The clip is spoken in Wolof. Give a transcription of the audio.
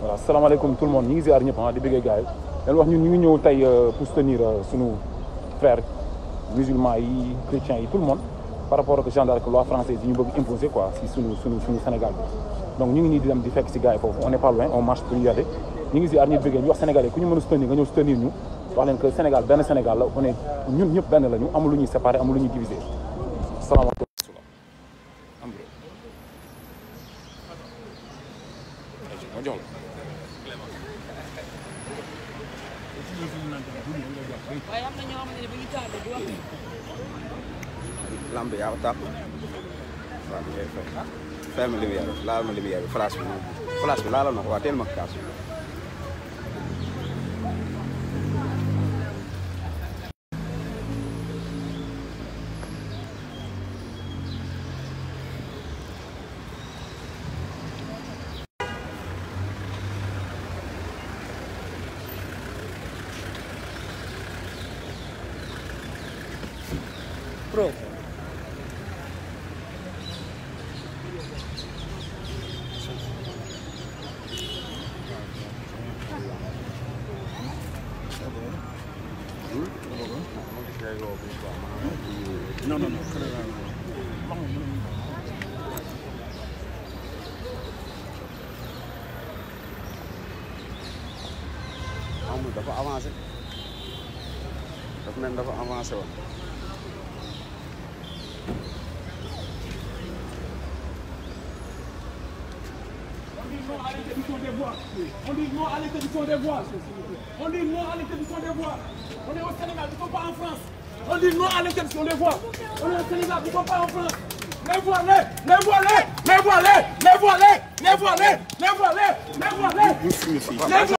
voilà salaamaaleykum tout le monde ñi ngi ziar ñëpp ah, di bëggé gaay yi wax ñun ñi ngi ñëw tay euh, pour soutenir euh, suñu frère musulman yi chrétien yi tout le monde par rapport au gendarme que loi française yi ñu bëgg imposer quoi ci suñu suñu suñu Sénégal donc ñu ngi nii di dem di fekk ci gaay fofu on est pas loin on marche pour ñu yàdde ñu ngi ziar ñi bëggee ñu wax sénégalais ku ñu mëna soutenir nga ñëw soutenir ñu wax leen que Sénégal ben Sénégal la on est ñun ñëpp ben lañu ñu amul lu ñuy séparer amul lu ñuy diviser salaamaaleykum ma jox lamb yaa ko tàpp. waaw bi laal ma lumière bi flash bi moom flash bi laaloon na ko waaw teel GoPro No, no, no. Kamu dapat awasi. Dokumen dapat awasi. non à des voix. On dit non à l'interdiction des voix. On dit non à l'interdiction des voix. On est au Sénégal, ne sont pas en France. On dit non à l'interdiction des voix. On est au Sénégal, ne sont pas en France. mais voilés, les voilés, les voilés, les voilés, les voilés, les voilés, les voilés, les voilés.